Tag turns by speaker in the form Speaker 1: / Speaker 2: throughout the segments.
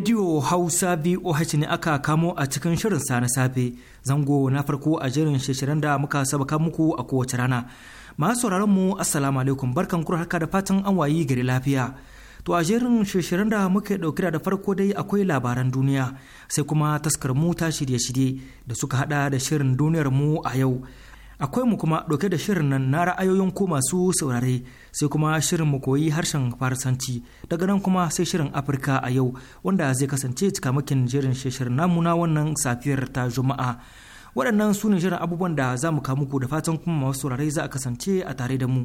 Speaker 1: Radio Hausa VOH ne aka kamo a cikin shirin sa na safe zango na farko a jirin shirin da muka sabaka muku a kowace rana. Masu sauraron mu assalamu alaikum barkan kura haka da fatan an wayi gari lafiya. To a jerin shirin da muke dauke da farko dai akwai labaran duniya sai kuma taskar mu ta shirye-shirye da suka hada da shirin duniyar mu a yau. akwai mu kuma ɗauke da shirin nan na ra'ayoyin ko masu saurare sai kuma shirin mu koyi harshen farsanci daga nan kuma sai shirin afirka a yau wanda zai kasance cikamakin jerin shirin namu na wannan safiyar ta juma'a waɗannan su shirin abubuwan da za mu kamu ku da fatan kuma masu saurare za a kasance a tare da mu.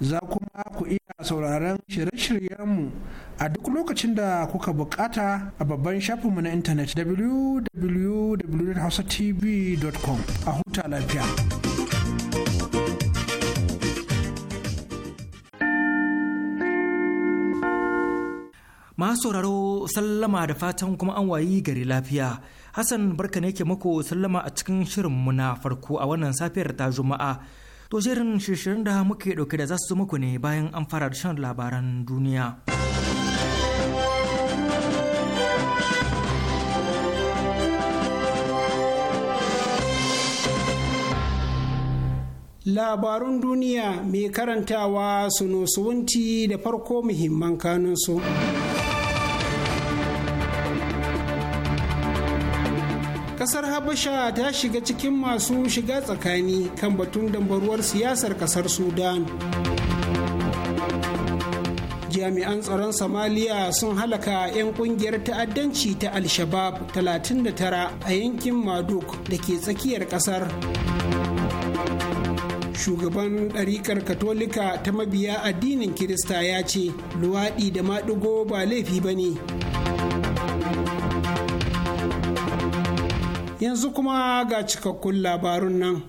Speaker 2: za kuma ku iya sauraron shirye-shiryenmu a duk lokacin da kuka bukata a babban shafinmu na intanet www.hausatv.com a huta lafiya.
Speaker 1: Masu sauraro sallama da fatan kuma an wayi gari lafiya. Hassan barka ne ke mako sallama a cikin shirinmu na farko a wannan safiyar ta Juma'a. To shirin shirin da muke dauke da za su muku ne bayan an fara da shan labaran duniya.
Speaker 3: Labarun duniya mai karantawa su wunti da farko muhimman kanunsu. kasar habasha ta shiga cikin masu shiga tsakani kan batun dambaruwar siyasar kasar sudan jami'an tsaron somaliya sun halaka 'yan kungiyar ta'addanci ta al-shabab 39 a yankin maduk da ke tsakiyar kasar shugaban ɗariƙar katolika ta mabiya addinin kirista ya ce luwaɗi da maɗigo ba laifi ba ne yanzu kuma ga cikakkun labarun nan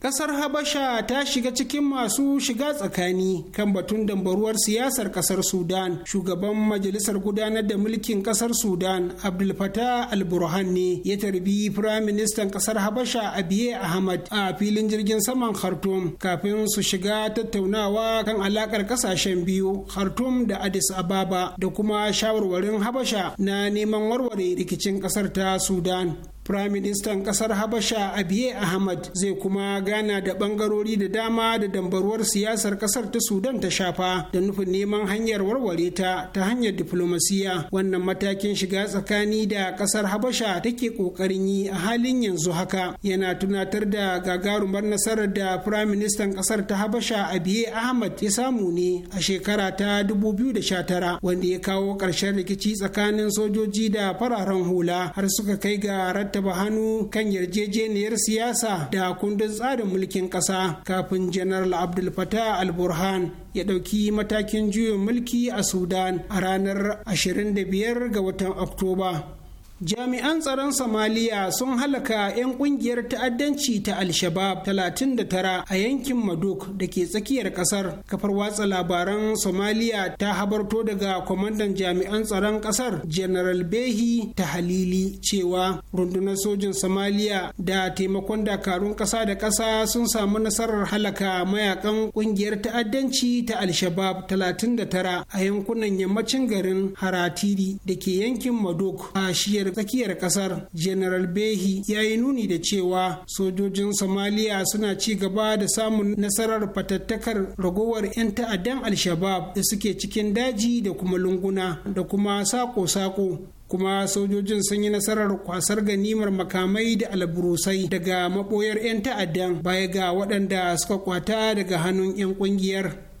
Speaker 3: kasar habasha ta shiga cikin masu shiga tsakani kan batun dambaruwar siyasar kasar sudan shugaban majalisar gudanar da mulkin kasar sudan abdul al-burhan ne ya tarbi firaministan Ƙasar kasar habasha abiye ahmad a filin jirgin saman khartoum kafin su shiga tattaunawa kan alakar kasashen biyu khartoum da addis ababa da kuma shawarwarin habasha na neman warware rikicin kasar ta sudan Firaministan ƙasar Habasha Abiye Ahmad zai kuma gana da bangarori da dama da dambaruwar siyasar ƙasar ta Sudan ta shafa da nufin neman hanyar warware ta ta hanyar diflomasiya. Wannan matakin shiga tsakani da ƙasar Habasha take ƙoƙarin yi a halin yanzu haka yana tunatar da gagarumar nasarar da Firaministan ƙasar ta Habasha Abiye Ahmad ya samu ne a shekara ta 2019 wanda ya kawo ƙarshen rikici tsakanin sojoji da fararen hula har suka kai ga taba hannu kan yarjejeniyar siyasa da kundin tsarin mulkin ƙasa kafin janaral abdul fatah al-burhan ya ɗauki matakin juyin mulki a sudan a ranar 25 ga watan oktoba Jami'an tsaron Somaliya sun halaka 'yan kungiyar ta'addanci ta Al-Shabaab 39 a yankin Maduk da ke tsakiyar kasar. Kafar watsa labaran Somaliya ta habarto daga kwamandan jami'an tsaron kasar General Behi ta Halili cewa rundunar sojin Somaliya da taimakon dakarun kasa da kasa sun samu nasarar halaka mayakan kungiyar ta'addanci ta Al-Shabaab 39 a yankunan yammacin garin Haratiri da ke yankin Maduk a shiyar tsakiyar tsakiyar kasar general behi ya yi nuni da cewa sojojin somaliya suna ci gaba da samun nasarar fatattakar ragowar 'yan ta'addan al-shabab da suke cikin daji da kuma lunguna da kuma sako-sako kuma sojojin sun yi nasarar kwasar ganimar makamai da alburusai daga maboyar 'yan ta'addan baya ga waɗanda suka kwata daga hannun 'yan ƙungiyar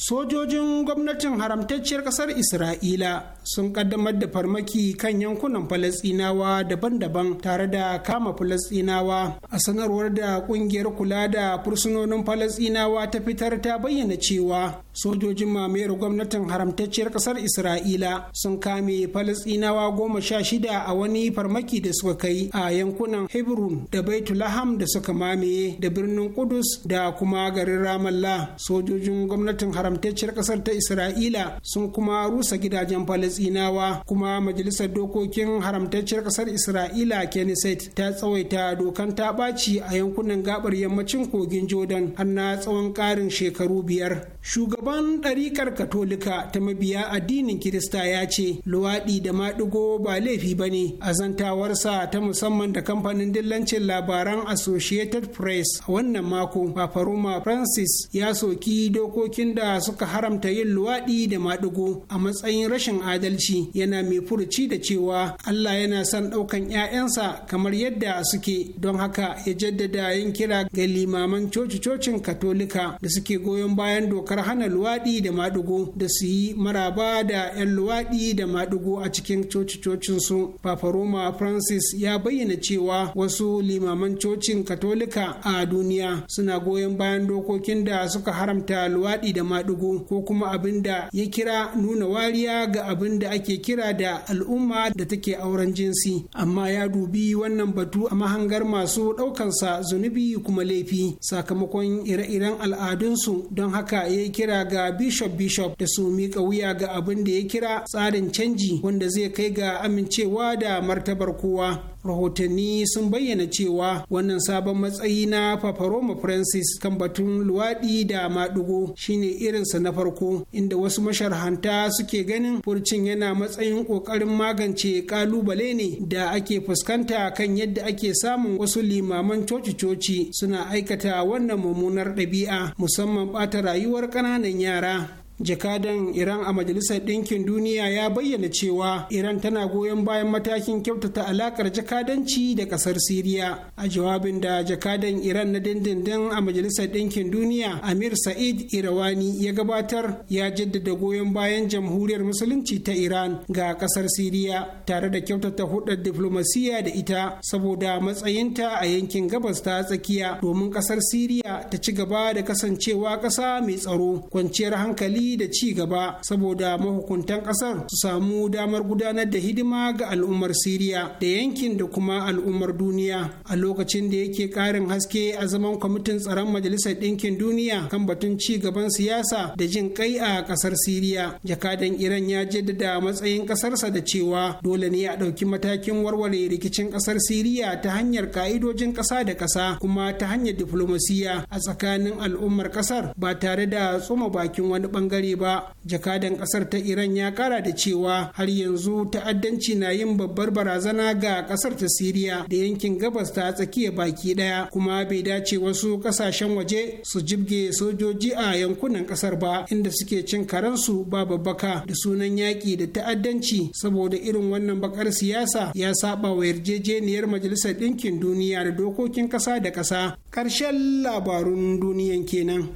Speaker 3: sojojin gwamnatin haramtacciyar kasar isra'ila sun kaddamar da farmaki kan yankunan falasinawa daban-daban tare da kama falasinawa a sanarwar da kungiyar kula da fursunonin falasinawa ta fitar ta bayyana cewa sojojin mamayar gwamnatin haramtacciyar kasar isra'ila sun kame falasinawa goma sha shida a wani farmaki da suka kai a yankunan hebron da baitulaham da suka mamaye da birnin kudus da kuma garin ramallah sojojin gwamnatin haramtacciyar kasar ta isra'ila sun kuma rusa gidajen falasinawa kuma majalisar dokokin haramtacciyar kasar isra'ila kenneth ta tsawaita dokan ta ɓaci a yankunan gabar yammacin kogin jordan har na tsawon ƙarin shekaru biyar shugaban babban ɗarikar katolika ta mabiya addinin kirista ya ce luwaɗi da maɗigo ba laifi ba ne a zantawarsa ta musamman da kamfanin dillancin labaran associated press a wannan mako Fafaroma francis ya soki dokokin da suka haramta yin luwaɗi da maɗigo a matsayin rashin adalci yana mai furuci da cewa allah yana son ɗaukan 'ya'yansa kamar yadda suke don haka ya jaddada yin kira ga limaman coci-cocin katolika da suke goyon bayan dokar hana luwaɗi da maɗigo da su yi maraba da 'yan luwaɗi da maɗigo a cikin coci-cocinsu. Papa Roma Francis ya bayyana cewa wasu limaman cocin Katolika a duniya suna goyon bayan dokokin da suka haramta luwaɗi da maɗigo ko kuma abin da ya kira nuna wariya ga abin da ake kira da al'umma da take auren jinsi. Amma ya dubi wannan batu a mahangar masu ɗaukansa zunubi kuma laifi sakamakon ire-iren al'adunsu don haka ya kira ga bishop bishop da su miƙa wuya ga abin da ya kira tsarin canji wanda zai kai ga amincewa da martabar kowa rahotanni sun bayyana cewa wannan sabon matsayi na paparoma francis kan batun luwaɗi da maɗigo shine irinsa na farko inda wasu masharhanta suke ganin furcin yana matsayin ƙoƙarin magance ƙalubale ne da ake fuskanta kan yadda ake samun wasu limaman coci-coci suna aikata wannan mummunar ɗabi'a musamman ɓata rayuwar ƙananan señora jakadan iran a majalisar ɗinkin duniya ya bayyana cewa iran tana goyon bayan matakin kyautata alakar jakadanci da ƙasar siriya a jawabin da jakadan iran na dindindin a majalisar ɗinkin duniya amir sa'id irawani ya gabatar ya jaddada goyon bayan jamhuriyar musulunci ta iran ga ƙasar siriya tare da kyautata hudar diflomasiya da ita saboda matsayinta a yankin gabas ta tsakiya domin ƙasar siriya ta ci gaba da kasancewa ƙasa mai tsaro kwanciyar hankali aiki da ci gaba saboda mahukuntan ƙasar su samu damar gudanar da hidima ga al'ummar Siriya da yankin da kuma al'ummar duniya a lokacin da yake ƙarin haske a zaman kwamitin tsaron Majalisar Ɗinkin Duniya kan batun ci gaban siyasa da jin kai a ƙasar Siriya. Jakadan Iran ya jaddada matsayin ƙasarsa da cewa dole ne ya ɗauki matakin warware rikicin ƙasar Siriya ta hanyar ka'idojin ƙasa da ƙasa kuma ta hanyar diflomasiya a tsakanin al'ummar ƙasar ba tare da tsuma bakin wani bangare. bangare ba jakadan kasar ta iran ya kara da cewa har yanzu ta'addanci na yin babbar barazana ga kasar ta siriya da yankin gabas ta tsakiya baki daya kuma bai dace wasu kasashen waje su jibge sojoji a yankunan kasar ba inda suke cin karansu ba babbaka da sunan yaƙi da ta'addanci saboda irin wannan bakar siyasa ya saba wa yarjejeniyar majalisar ɗinkin duniya da dokokin ƙasa da ƙasa ƙarshen labarun duniyan kenan.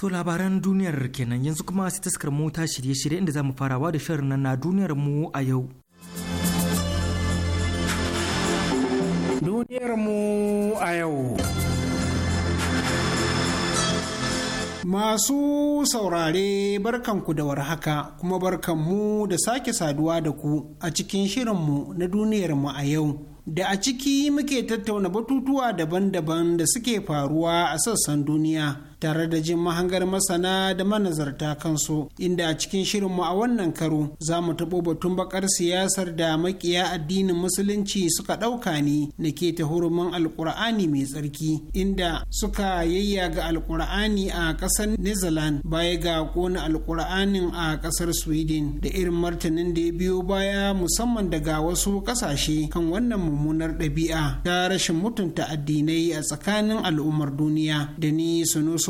Speaker 1: To labaran duniyar kenan yanzu kuma sai taskar mota shirye-shirye inda za mu farawa da shirin nan na duniyar mu a yau.
Speaker 3: Duniyar mu a yau. Masu saurare barkanku da warhaka kuma barkanmu da sake saduwa da ku a cikin shirin mu na duniyarmu a yau. da a ciki muke tattauna batutuwa daban-daban da suke faruwa a sassan duniya tare da jin mahangar masana da manazarta kansu inda a cikin shirinmu a wannan karo za mu taɓo batun bakar siyasar da makiya addinin musulunci suka ɗauka ne na ke ta hurumin alkur'ani mai tsarki inda suka yayyaga alkur'ani a ƙasar Netherlands baya ga ƙona alkur'anin a ƙasar Sweden da irin martanin da ya biyo baya musamman daga wasu ƙasashe kan wannan mummunar ɗabi'a ta rashin mutunta addinai a tsakanin al'ummar duniya da ni sunusu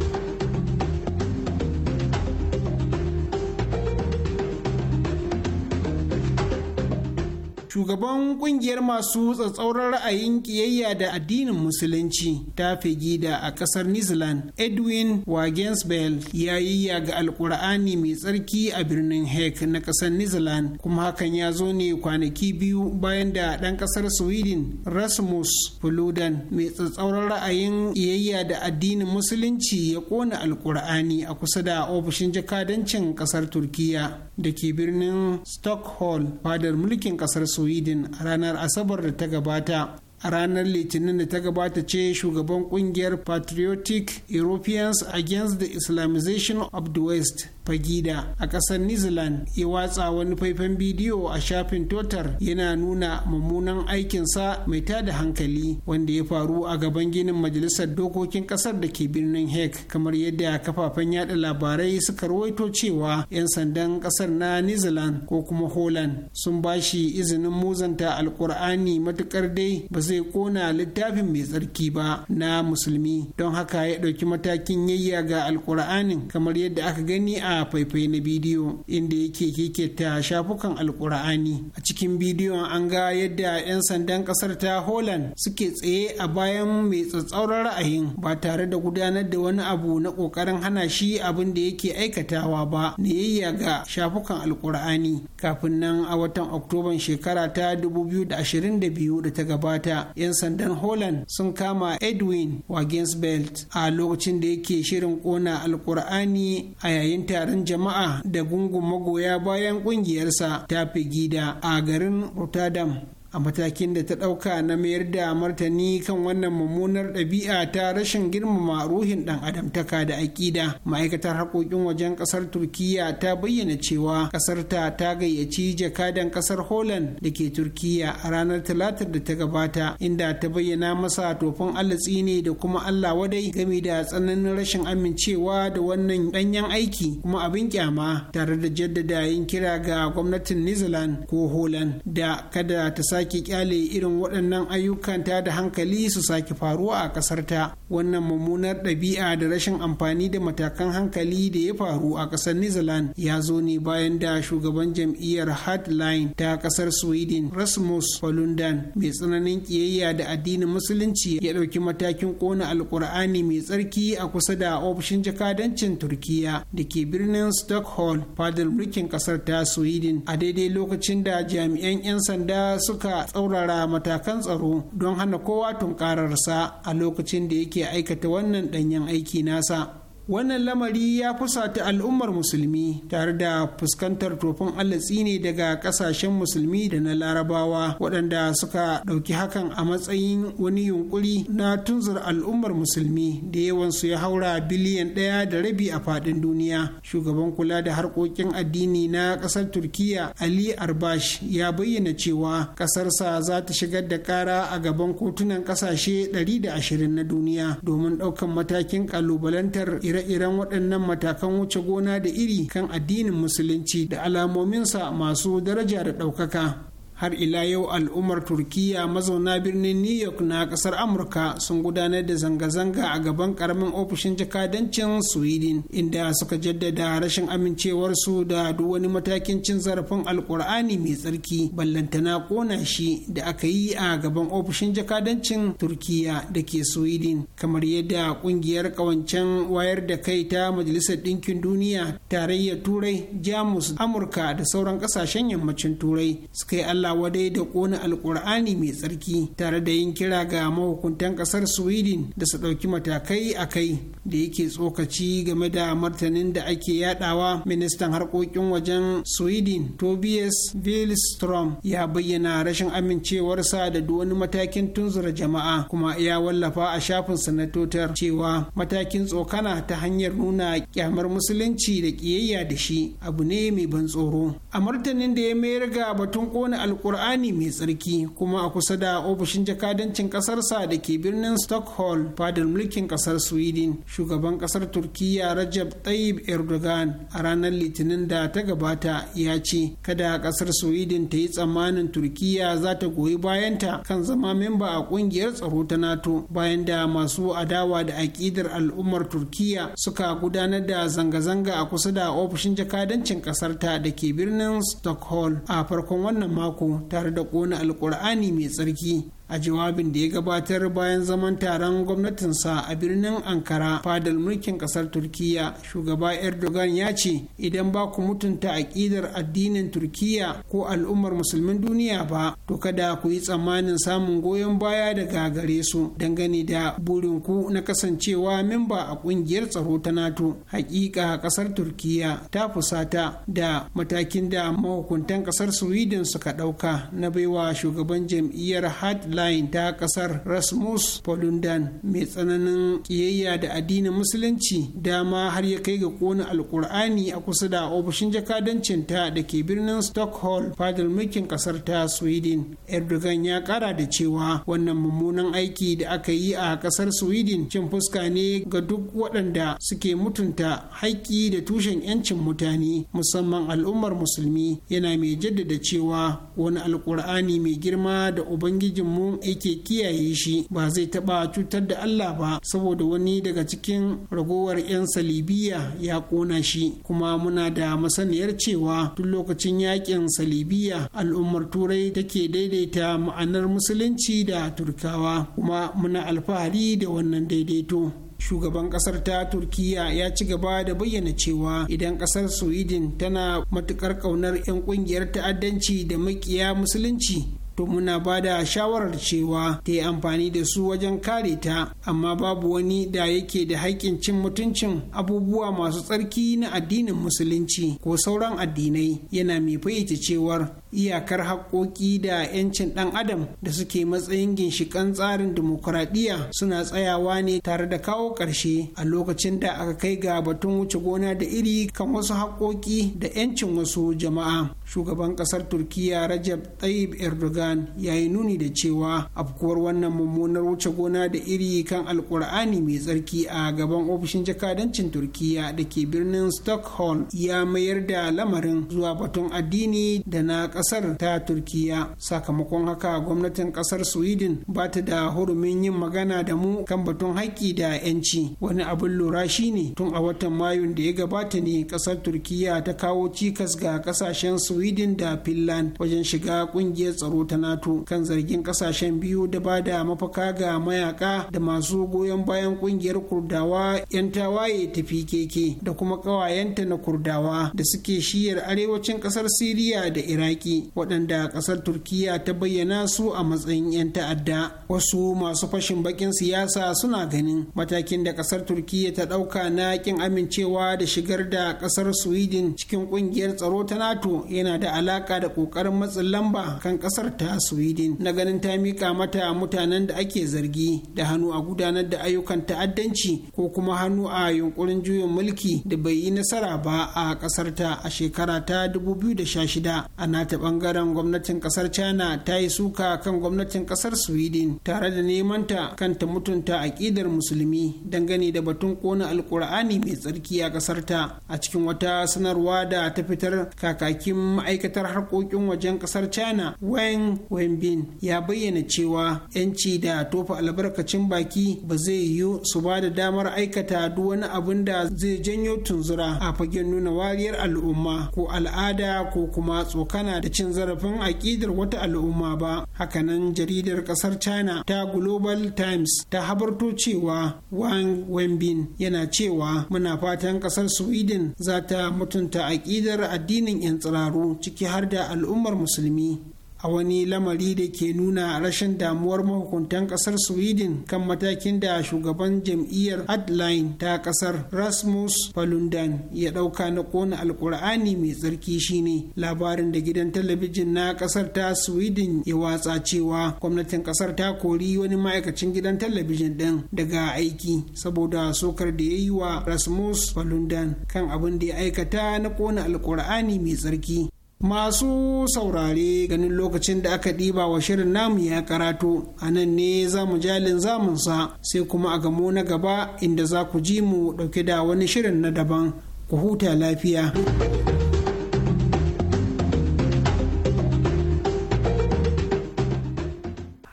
Speaker 3: shugaban kungiyar masu tsatsauran ra'ayin kiyayya da addinin musulunci ta gida a kasar new zealand edwin wagensbell ya yi ga alkur'ani mai tsarki a birnin heck na kasar new zealand kuma hakan ya zo ne kwanaki biyu bayan da ɗan kasar sweden rasmus fuludan mai tsatsauran ra'ayin kiyayya da addinin musulunci ya kona alkur'ani a kusa da ofishin jakadancin kasar turkiya da ke birnin stockholm fadar mulkin kasar sweden a ranar asabar da ta gabata a ranar litinin da ta gabata ce shugaban kungiyar patriotic europeans against the islamization of the west fagida a ƙasar new zealand ya watsa wani faifan bidiyo a shafin totar yana nuna mummunan aikinsa mai tada hankali wanda ya faru a gaban ginin majalisar dokokin ƙasar da ke birnin hague kamar yadda kafafen yada labarai suka rawaito cewa 'yan sandan ƙasar na new zealand ko kuma holland sun ba shi izinin muzanta alkur'ani matuƙar dai ba zai kona littafin mai tsarki ba na musulmi don haka ya ɗauki matakin yayya ga alkur'anin kamar yadda aka gani a a faifai na bidiyo inda yake keketa shafukan alkur'ani a cikin bidiyon an ga yadda 'yan sandan kasar ta holland suke tsaye a bayan mai tsatsauran ra'ayin ba tare da gudanar da wani abu na kokarin hana shi abin da yake aikatawa ba na yayya ga shafukan alkur'ani kafin nan a watan oktoban shekara ta 2022 da da biyu ta gabata 'yan sandan holland sun kama edwin wagensbelt a lokacin da yake shirin kona alkur'ani a yayin taron jama'a da gungun magoya bayan ƙungiyarsa ta fi gida a garin rotterdam a matakin da ta ɗauka na mayar da martani kan wannan mummunar ɗabi'a ta rashin girmama ruhin ɗan adamtaka da aƙida ma'aikatar haƙoƙin wajen ƙasar turkiya ta bayyana cewa ƙasarta ta gayyaci jakadan ƙasar holland da ke turkiya a ranar talatar da ta gabata inda ta bayyana masa tofin allah tsini da kuma allah wadai game da tsananin rashin amincewa da wannan ɗanyen aiki kuma abin kyama tare da jaddada yin kira ga gwamnatin new zealand ko holand da kada ta sa sake kyale irin waɗannan ayyukanta da hankali su sake faruwa a ƙasarta wannan mummunar ɗabi'a da rashin amfani da matakan hankali da ya faru a ƙasar new ya zo ne bayan da shugaban jam'iyyar hardline ta ƙasar sweden rasmus falundan mai tsananin ƙiyayya da addinin musulunci ya ɗauki matakin ƙona alƙur'ani mai tsarki a kusa da ofishin jakadancin turkiya da ke birnin stockholm fadar mulkin ƙasar ta sweden a daidai lokacin da jami'an 'yan sanda suka a tsaurara matakan tsaro don hana kowa tunkararsa a lokacin da yake aikata wannan ɗanyen aiki nasa wannan lamari ya fusata al'ummar musulmi tare da fuskantar tofin allatsi ne daga kasashen musulmi da na larabawa waɗanda suka ɗauki hakan a matsayin wani yunkuri na tunzur al'ummar musulmi da yawansu ya haura biliyan ɗaya da rabi a faɗin duniya shugaban kula da harkokin addini na ƙasar turkiya ali arbash ya bayyana cewa ƙasarsa za ta shigar da ƙara a gaban kotunan ƙasashe ɗari da ashirin na duniya domin ɗaukan matakin ƙalubalantar ire ire-iren waɗannan matakan wuce gona da iri kan addinin musulunci da alamominsa masu daraja da ɗaukaka har ila yau al'ummar turkiya mazauna birnin new york na kasar amurka sun gudanar da zanga-zanga a gaban karamin ofishin jakadancin sweden inda suka jaddada rashin amincewarsu da duk wani matakin cin zarafin alkur'ani mai tsarki ballantana kona shi da aka yi a gaban ofishin jakadancin turkiya da ke sweden kamar yadda kungiyar kawancen wayar da kai ta majalisar ɗinkin duniya tarayyar turai jamus amurka da sauran ƙasashen yammacin turai suka yi allah Allah wadai da kona alkur'ani mai tsarki tare da yin kira ga mahukuntan kasar sweden da su ɗauki matakai a kai da yake tsokaci game da martanin da ake yadawa ministan harkokin wajen sweden tobias billstrom ya bayyana rashin amincewarsa da wani matakin tunzura jama'a kuma ya wallafa a shafin sanatotar cewa matakin tsokana ta hanyar nuna kyamar musulunci da kiyayya da shi abu ne mai ban tsoro a martanin da ya mayar ga batun kona alkur'ani mai tsarki kuma a kusa da ofishin jakadancin ƙasarsa da ke birnin stockholm fadar mulkin ƙasar sweden shugaban ƙasar turkiya rajab tayyip erdogan a ranar litinin da ta gabata ya ce kada ƙasar sweden ta yi tsammanin turkiya za ta goyi bayanta kan zama memba a ƙungiyar tsaro ta nato bayan da masu adawa da aƙidar al'ummar turkiya suka gudanar da zanga-zanga a kusa da ofishin jakadancin ƙasarta da ke birnin stockholm a farkon wannan mako tare da ƙona alkur'ani mai tsarki a jawabin da ya gabatar bayan zaman taron gwamnatinsa a birnin ankara fadar mulkin kasar turkiya shugaba erdogan ya ce idan ba ku mutunta aƙidar addinin turkiya ko al'ummar musulmin duniya ba to kada ku yi tsammanin samun goyon baya daga gare su dangane da burinku na kasancewa memba a ƙungiyar tsaro ta nato hakika kasar turkiya ta fusata da matakin da mahukuntan kasar sweden suka ɗauka na baiwa shugaban jam'iyyar hard online ta kasar rasmus polundan mai tsananin kiyayya da addinin musulunci dama har ya kai ga kona alkur'ani a kusa da ofishin jakadancin ta da ke birnin stockholm fadar mulkin kasar ta sweden erdogan ya kara da cewa wannan mummunan aiki da aka yi a kasar sweden cin fuska ne ga duk waɗanda suke mutunta haƙƙi da tushen 'yancin mutane musamman al'ummar musulmi yana mai jaddada cewa wani alkur'ani mai girma da ubangijinmu yake kiyaye shi ba zai taɓa cutar da Allah ba saboda wani daga cikin ragowar 'yan salibiya ya ƙona shi kuma muna da masaniyar cewa tun lokacin yakin salibiya al'ummar turai take daidaita ma'anar musulunci da turkawa kuma muna alfahari da wannan daidaito shugaban kasar ta turkiya ya ci gaba da bayyana cewa idan kasar sweden tana matukar kaunar 'yan kungiyar ta'addanci da makiya musulunci to muna ba da shawarar cewa ta yi amfani da su wajen kare ta amma babu wani da yake da haƙƙin cin mutuncin abubuwa masu tsarki na addinin musulunci ko sauran addinai yana mai fayyace cewar iyakar haƙoƙi da 'yancin ɗan adam da suke matsayin ginshikan tsarin dimokuraɗiyya suna tsayawa ne tare da kawo ƙarshe a lokacin da aka kai ga batun wuce gona da iri kan wasu haƙoƙi da 'yancin wasu jama'a shugaban ƙasar turkiya rajab tayyip erdogan ya yi nuni da cewa afkuwar wannan mummunar wuce gona da iri kan Alƙur'ani mai tsarki a gaban ofishin jakadancin turkiya da ke birnin stockholm ya mayar da lamarin zuwa batun addini da na kasar ta turkiya sakamakon haka gwamnatin kasar sweden ba ta da hurumin yin magana da mu kan batun haƙƙi da 'yanci wani abin lura shi ne tun a watan Mayu da ya gabata ne kasar turkiya ta kawo cikas ga kasashen sweden da finland wajen shiga ƙungiyar tsaro ta nato kan zargin kasashen biyu da ba da mafaka ga mayaka da masu goyon bayan ƙungiyar kurdawa 'yan tawaye tafi keke da kuma kawayenta na kurdawa da suke shiyar arewacin ƙasar siriya da iraki waɗanda ƙasar turkiya ta bayyana su a matsayin 'yan ta'adda wasu masu fashin bakin siyasa suna ganin matakin da ƙasar turkiya ta ɗauka na ƙin amincewa da shigar da ƙasar sweden cikin ƙungiyar tsaro ta nato yana da alaƙa da ƙoƙarin matsin lamba kan ƙasar ta sweden na ganin ta miƙa mata mutanen da ake zargi da hannu a gudanar da ayyukan ta'addanci ko kuma hannu a yunkurin juyin mulki da bai yi nasara ba a ƙasar ta a shekara ta 2016 a nata bangaren gwamnatin kasar china ta yi suka kan gwamnatin kasar sweden tare da nemanta kan ta mutunta aƙidar musulmi dangane da batun kona alkur'ani mai tsarki a kasar ta a cikin wata sanarwa da ta fitar kakakin ma'aikatar harkokin wajen kasar china wang wenbin ya bayyana cewa 'yanci da tofa albarkacin baki ba zai yiwu su ba da damar aikata duk wani abin da zai janyo tunzura a fagen nuna wariyar al'umma ko al'ada ko kuma tsokana da cin zarafin aƙidar wata al'umma ba hakanan jaridar ƙasar china ta global times ta habarto cewa wang wenbin yana cewa muna fatan ƙasar sweden za ta mutunta aƙidar addinin 'yan tsiraru ciki har da al'ummar musulmi a wani lamari da ke nuna rashin damuwar mahukuntan kasar sweden kan matakin da shugaban jam'iyyar adline ta kasar rasmus falundan ya dauka na kona alkur'ani mai tsarki shine labarin da gidan talabijin na kasar ta sweden ya watsa cewa gwamnatin kasar ta kori wani ma'aikacin gidan talabijin din daga aiki saboda sokar da ya yi wa rasmus falundan kan abin da ya aikata na kona alkur'ani mai tsarki Masu saurare ganin lokacin da aka ɗiba wa shirin namu ya karatu a nan ne za mu jalin zamunsa sai kuma a gamo na gaba inda za ku ji mu ɗauke da wani shirin na daban ku huta lafiya.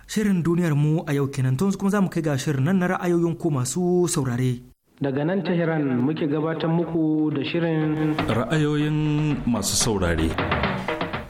Speaker 1: Shirin duniyar mu a yau kenan tun kuma za mu kai ga shirin nan na ra'ayoyin ku masu saurare.
Speaker 4: Daga nan Tehran muke gabatar muku da shirin
Speaker 5: ra'ayoyin masu saurare.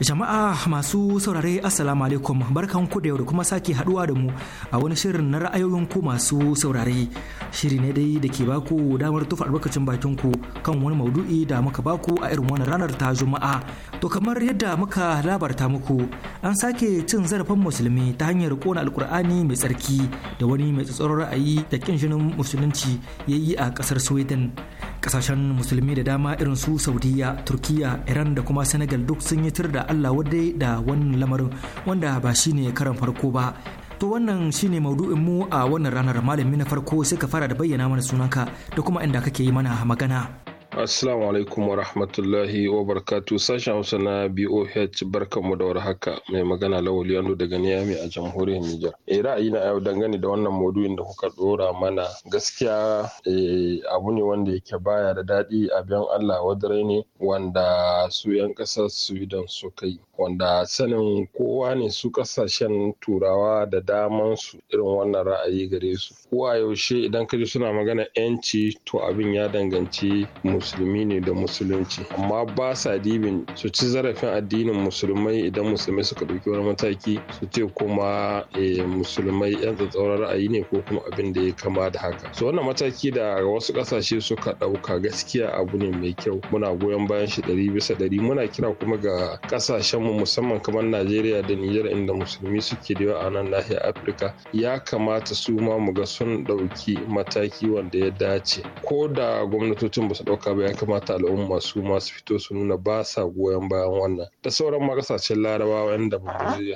Speaker 1: Jama'a masu saurare Assalamu alaikum barkan ku da yau da kuma sake haduwa da mu a wani shirin na ra'ayoyin ku masu saurare. Shiri ne dai da ke baku damar tufa albarkacin bakin ku kan wani maudu'i da muka baku a irin wani ranar ta Juma'a. To kamar yadda muka labarta muku an sake cin zarafin musulmi ta hanyar kona alkur'ani mai tsarki da wani mai tsatsarar ra'ayi da kin jinin musulunci yayi a kasar Sweden. kasashen musulmi da dama irin su saudiya turkiya iran da kuma senegal duk sun yi tur da allah wadai da wannan lamarin wanda ba shine karan farko ba to wannan shine maudu'in mu a wannan ranar malami na farko sai ka fara da bayyana mana sunanka da kuma inda kake yi mana magana
Speaker 6: Assalamu alaikum wa rahmatullahi wa barakatu sashen Hausa na BOH barkanmu da Haka. mai magana Lawali Yando daga Niyami a jamhuriyar Nijar. E eh, ra'ayi na yau dangane da wannan maudu'in da kuka dora mana gaskiya eh, abu ne wanda yake baya da daɗi a biyan Allah wadare ne wanda su 'yan ƙasar Sweden suka yi. Wanda sanin kowa ne su ƙasashen turawa da daman su irin wannan ra'ayi gare su. Kowa yaushe idan kaji suna magana 'yanci to abin ya danganci mu musulmi ne da musulunci amma ba sa dibin su ci zarafin addinin musulmai idan musulmai suka ɗauki wani mataki su ce kuma eh, musulmai yan tsatsauran ra'ayi ne ko kuma abin da ya kama da haka su wannan mataki da wasu ƙasashe suka ɗauka gaskiya abu ne mai kyau muna goyon bayan shi ɗari bisa ɗari muna kira kuma ga ƙasashen mu musamman kamar najeriya da nijar inda musulmi suke da yawa a nan nahiyar afirka ya kamata su ma mu ga sun ɗauki mataki wanda ya dace ko da gwamnatocin ba su ɗauka kaba ba ya kamata al'umma su masu fito su nuna ba sa goyon bayan wannan da sauran ma kasashen larabawa yanda ba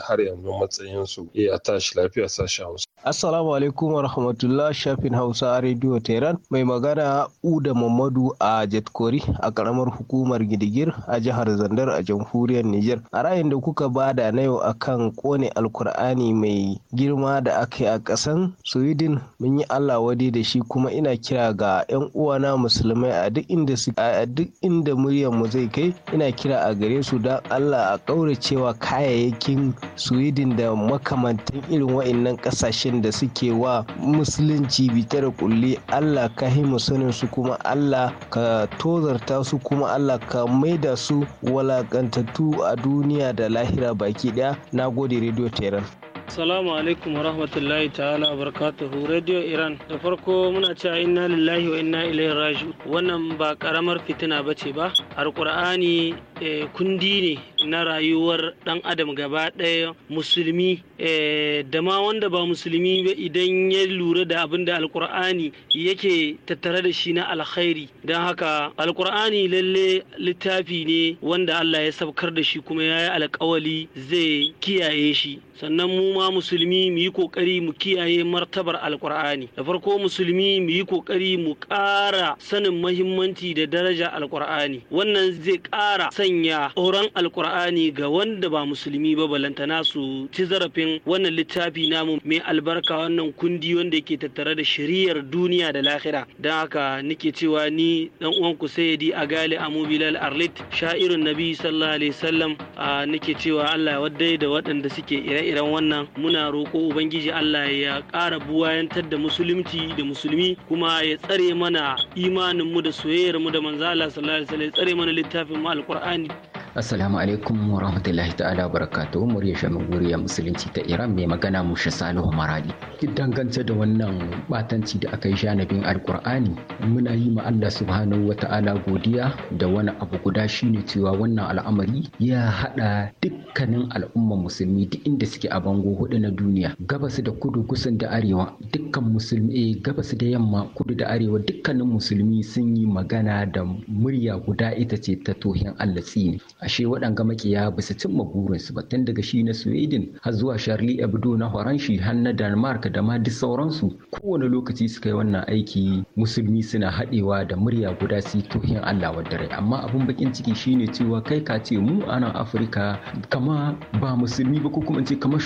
Speaker 6: har yanzu matsayin su eh, a tashi lafiya sashi hausa
Speaker 7: Assalamu alaikum wa rahmatullah shafin Hausa Radio Tehran mai magana Uda Mamadu a Jetkori a karamar hukumar Gidigir a jihar Zandar a jamhuriyar Nijar. A ra'ayin da kuka bada na yau akan kone Alkur'ani mai girma da aka yi a ƙasan Sweden mun yi Allah wadi da shi kuma ina kira ga 'yan uwana musulmai a duk inda su a duk inda muryar mu zai kai ina kira a gare su don Allah a cewa kayayyakin Sweden da makamantan irin wa'annan ƙasashen da suke wa musulunci bitar kulli Allah ka yi musulun su kuma Allah ka tozarta su kuma Allah ka maida su walakantattu a duniya da lahira baki ɗaya na gode rediyo teran
Speaker 8: Salamu alaikum rahmatullahi ta'ala barakatuhu Radio Iran da farko muna cewa inna lillahi wa inna ilaihi raji wannan ba karamar fitina ce ba alqur'ani eh, kundi ne na rayuwar dan adam gaba ɗaya musulmi eh, da ma wanda ba musulmi ba idan ya lura da abin da alqur'ani yake tattare da shi na alkhairi don haka Alƙur'ani lalle littafi ne wanda Allah ya sabkar da shi kuma ya yi alkawali zai kiyaye shi sannan mu ma musulmi mu yi kokari mu kiyaye martabar alkur'ani da farko musulmi mu yi kokari mu ƙara sanin mahimmanci da daraja alkur'ani wannan zai ƙara sanya horon alkur'ani ga wanda ba musulmi ba balantana su ci zarafin wannan littafi namu mai albarka wannan kundi wanda ke tattare da shiriyar duniya da lahira don haka nake cewa ni dan uwan ku sayyidi agali amu bilal arlit sha'irin nabi sallallahu alaihi wasallam ah, nake cewa Allah wadai da waɗanda suke ire-iren wannan muna roƙo Ubangiji Allah ya ƙara buwayantar da musulunci da musulmi kuma ya tsare mana imaninmu da soyayyarmu da manzo Allah sallallahu alaihi wasallam ya tsare mana littafin mu alqur'ani
Speaker 7: Assalamu alaikum wa rahmatullahi ta'ala barakatuhu murya shamguriyar musulunci ta Iran mai magana mu shi Salihu Maradi. Dangance da wannan batanci da aka yi shanabin Alkur'ani muna yi ma Allah subhanahu wa ta'ala godiya da wani abu guda shine cewa wannan al'amari ya hada dukkanin al'ummar musulmi duk inda suke a bango hudu na duniya gabas da kudu kusan da arewa dukkan musulmi eh, gabas da yamma kudu da arewa dukkanin musulmi sun yi magana da murya guda ita ce ta tohin Allah tsini ashe waɗanga makiya ba su cimma burinsu ba tun daga shi na sweden har zuwa charlie hebdo na faranshi har na denmark da ma duk sauransu kowane lokaci suka yi wannan aiki musulmi suna haɗewa da murya guda su tohin allah wadare amma abin bakin ciki shine cewa kai ka ce mu a nan afirka kama ba musulmi ba ko kuma ce kama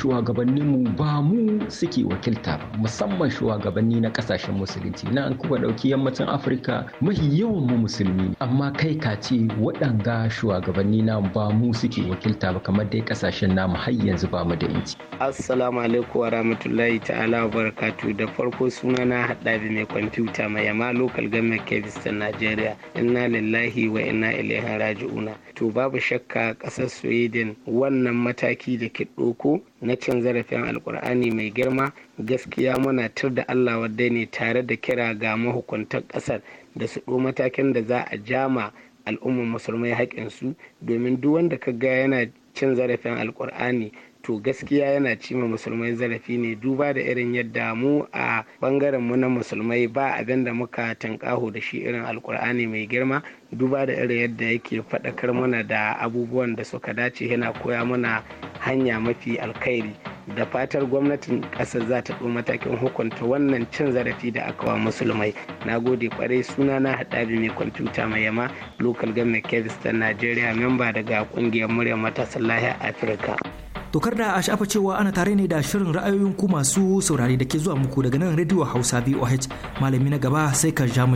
Speaker 7: mu ba mu suke wakilta ba musamman shugabanni na kasashen musulunci na an kuka ɗauki yammacin afirka mahi yawan mu musulmi amma kai ka ce waɗanga shugabanni na ba mu suke wakilta ba kamar dai kasashen namu har yanzu ba mu da
Speaker 9: inci. Assalamu alaikum wa rahmatullahi ta'ala wa barakatu da farko suna na haɗabi mai kwamfuta mai yama lokal government ta Najeriya inna lillahi wa inna ilaihi raji'una. To babu shakka ƙasar Sweden wannan mataki da ke ko na cin zarafin alkur'ani mai girma gaskiya muna tur da Allah wadda ne tare da kira ga mahukuntan ƙasar da su ɗo matakin da za a jama al'ummar musulmai haƙƙinsu domin duk wanda ka ga yana cin zarafin alkur'ani to gaskiya yana ci ma musulmai zarafi ne duba da irin yadda mu a bangaren mu na musulmai ba abin da muka tanƙaho da shi irin alkur'ani mai girma duba da irin yadda yake faɗakar mana da abubuwan da suka dace yana koya mana hanya mafi alkhairi da fatar gwamnatin ƙasar za ta ɗau matakin hukunta wannan cin zarafi da aka wa musulmai na gode kwarai suna na haɗari mai kwamfuta mai yama local government ta nigeria memba daga ƙungiyar muryar matasan lahiyar afirka tokar
Speaker 1: da a shafa cewa ana tare ne da shirin ra'ayoyin ku masu saurari da ke zuwa muku daga nan rediyo hausa voh malami na gaba sai ka ja mu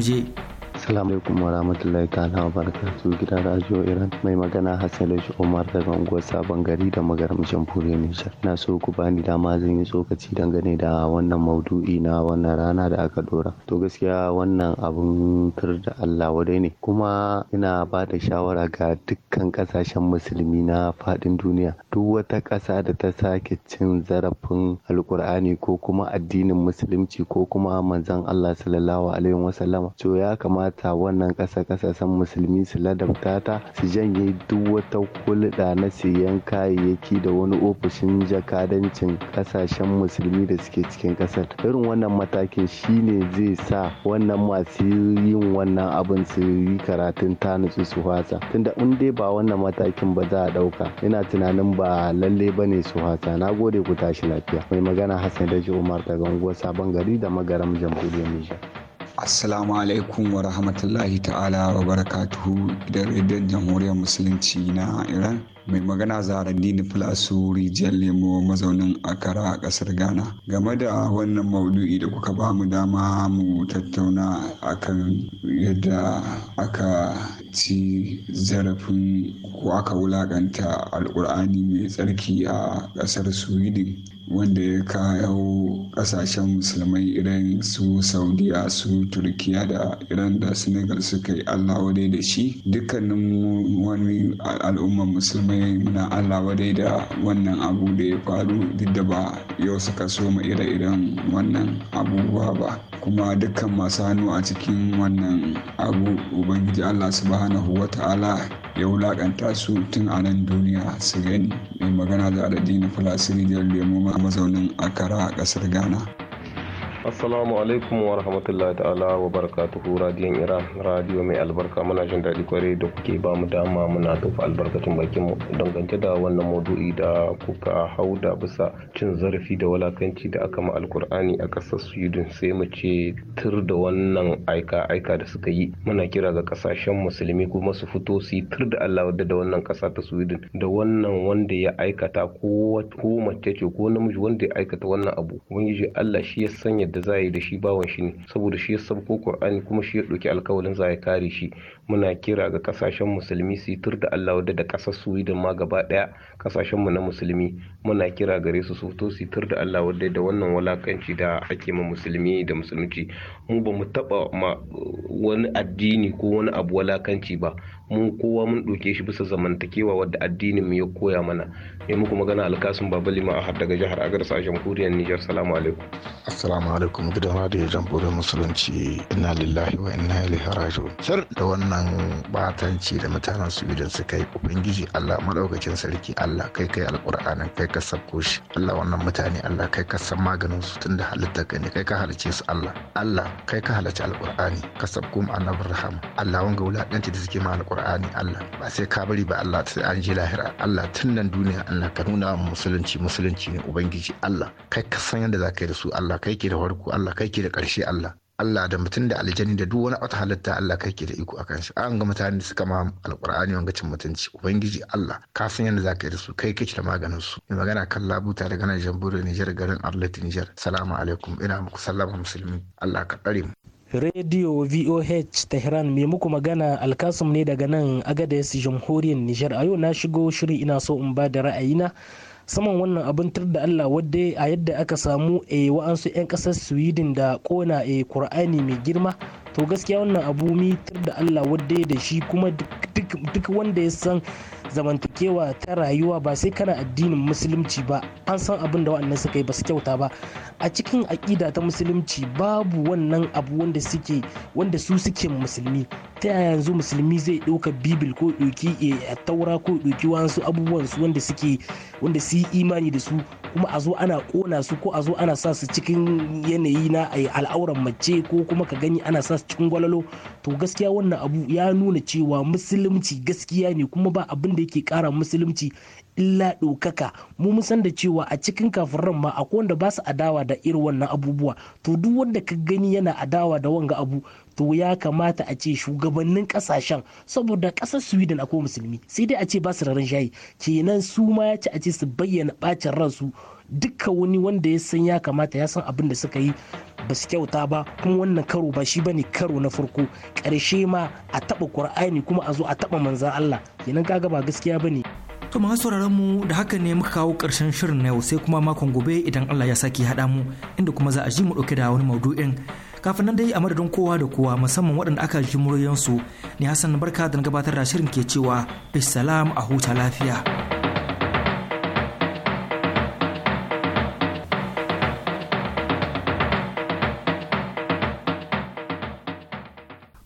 Speaker 10: Assalamu alaikum wa rahmatullahi ta'ala wa barakatu gida rajo Iran mai magana Hassan Lashi Omar daga unguwar Sabon Gari da magaram Jamhuriyar Nijar. Ina so ku bani dama zan yi tsokaci dangane da wannan maudu'i na wannan rana da aka dora. To gaskiya wannan abun tur da Allah wadai ne kuma ina ba da shawara ga dukkan kasashen musulmi na faɗin duniya. Duk wata ƙasa da ta sake cin zarafin alkur'ani ko kuma addinin musulunci ko kuma manzon Allah sallallahu alaihi wasallama. To ya kamata a wannan ƙasa ƙasashen musulmi su ladabta ta su janye duk wata hulɗa na siyan kayayyaki da wani ofishin jakadancin ƙasashen musulmi da suke cikin ƙasar irin wannan matakin shine zai sa wannan masu yin wannan abin su yi karatun ta nutsu su hasa tunda in dai ba wannan matakin ba za a ɗauka ina tunanin ba lalle ba ne su hwasa na gode ku tashi lafiya mai magana hassan daji umar daga unguwar sabon gari da magaram jamhuriyar nijar
Speaker 11: Assalamu alaikum wa rahmatullahi ta'ala wa barakatuhu da rediyon jamhuriyar musulunci na Iran. Mai magana zara dini filasu rijiyar lemo mazaunin akara a ƙasar Ghana. Game da wannan maudu'i da kuka ba mu dama mu tattauna akan yadda aka ci zarafin ko aka wulakanta alkur'ani mai tsarki a ƙasar Sweden. wanda ya kawo kasashen musulmai irin su saudiya su turkiya da iran da senegal suka yi allah wadai da shi dukkanin wani al'ummar musulmai muna allah da wannan abu da ya faru duk da ba yau suka soma ire-iren wannan abubuwa ba kuma dukkan masu hannu a cikin wannan abu ubangiji allah subhanahu wa ta'ala ya wulaƙanta su tun a nan duniya su gani mai magana da adadi na falasiri da a mazaunin akara a kasar ghana
Speaker 12: assalamu alaikum wa rahmatullahi ta'ala wa barakatuhu radiyon iran radiyo mai albarka muna jin daɗi kwarai da kuke ba mu dama muna tofa albarkacin bakin mu dangance da wannan maudu'i da kuka hau da bisa cin zarafi da walakanci da aka ma alkur'ani a ƙasar sweden sai mu ce tur da wannan aika aika da suka yi muna kira ga ƙasashen musulmi kuma su fito su yi tur da allah da wannan ƙasa ta sweden da wannan wanda ya aikata ko mace ce ko namiji wanda ya aikata wannan abu ubangiji allah shi ya sanya yadda za a yi da shi bawan shi ne saboda shi ya sauko Qur'ani kuma shi ya ɗauki alkawalin za ya kare shi muna kira ga kasashen musulmi su tur da Allah wadda da ƙasar yi ma gaba ɗaya kasashen mu na musulmi muna kira gare su su to tur da Allah wadda da wannan walakanci da ake ma musulmi da musulunci mu ba mu taɓa ma wani addini ko wani abu walakanci ba Mun kowa mun ɗauke shi bisa zamantakewa wadda addinin mu ya koya mana ne muku magana alkasun baba lima ahad daga jihar agar a jamhuriyar nijar salamu alaikum
Speaker 10: assalamu alaikum gidan radio jamhuriyar musulunci inna lillahi wa inna ilaihi raji'un sir da wannan batanci da mutanen sweden suka yi ubangiji allah madaukakin sarki allah kai kai alƙur'anin kai ka sabko shi allah wannan mutane allah kai ka san maganin su tunda da halitta ka ne kai ka halice su allah allah kai ka halarci alƙur'ani ka sabko annabi rahama allah wanga wulaɗanci da suke ma alƙur'ani qur'ani Allah ba sai ka bari ba Allah sai an ji lahira Allah tun nan duniya Allah ka nuna musulunci musulunci ne ubangiji Allah kai ka san yadda zaka yi da su Allah kai ke da farko Allah kai ke da ƙarshe Allah Allah da mutum da aljani da duk wani wata halitta Allah kai ke da iko akan shi an ga mutane da suka ma alqur'ani wanga cin mutunci ubangiji Allah ka san yadda zaka yi da su kai kake da maganin su mai magana kan labuta daga nan jamhuriyar Nijar garin Arlet Nijar salamu alaikum ina muku sallama musulmi Allah ka tsare mu
Speaker 4: Radio VOH Tehran mai muku magana Alkasum ne daga nan Agadez Jamhuriyar Nijar. A yau na shigo shiri ina so in ba da ra'ayina saman wannan abin tar da Allah wadda a yadda aka samu a e, wa'ansu 'yan kasar Sweden da kona a e, Kur'ani mai girma. To gaskiya wannan abu mitar da Allah wadda da shi kuma duk wanda ya san zamantakewa ta rayuwa ba sai kana addinin musulunci ba an san abin da wa'annan suka yi ba su kyauta ba a cikin aƙida ta musulunci babu wannan abu wanda suke wanda su suke musulmi ta yaya yanzu musulmi zai ɗauka bibil ko ɗauki a eh, taura ko ɗauki wasu abubuwan su wanda suke wanda su yi imani da su kuma a zo ana ƙona su ko a zo ana sa su cikin yanayi na eh, al'auran mace ko kuma ka gani ana sa su cikin gwalalo to gaskiya wannan abu ya nuna cewa musulunci gaskiya ne kuma ba abin da da yake kara musulunci illa ɗaukaka mu mun san da cewa a cikin kafiran ma akwai wanda ba su adawa da irin wannan abubuwa to duk wanda ka gani yana adawa da wanga abu to ya kamata a ce shugabannin kasashen saboda kasar sweden akwai musulmi sai dai a ce ba su raran shayi kenan su ma ya ce a ce su bayyana bacin ransu duka wani wanda ya san ya kamata ya san abin da suka yi ba su kyauta ba kuma wannan karo ba shi ne karo na farko ƙarshe ma a taɓa ƙur'ani kuma a zo a taɓa manzan Allah kenan kaga ba gaskiya ba ne. To masu sauraron mu
Speaker 1: da haka ne muka kawo ƙarshen shirin na yau sai kuma makon gobe idan Allah ya saki haɗa mu inda kuma za a ji mu ɗauke da wani maudu'in. Kafin nan dai a madadin kowa da kowa musamman waɗanda aka ji muryoyinsu ne Hassan barka da gabatar da shirin ke cewa bisalam a huta lafiya.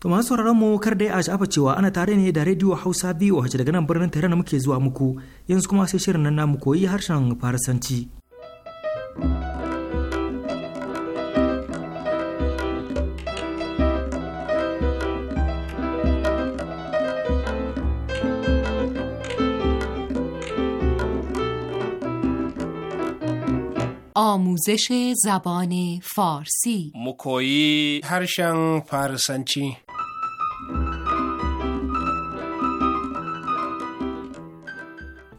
Speaker 1: To masu sauraron mu kar dai a cewa ana tare ne da Radio Hausa biyu VOH daga nan birnin Tehran muke zuwa muku yanzu kuma sai shirin nan namu koyi harshen Farisanci.
Speaker 13: آموزش زبان فارسی
Speaker 8: مکویی
Speaker 2: هرشن فارسنچی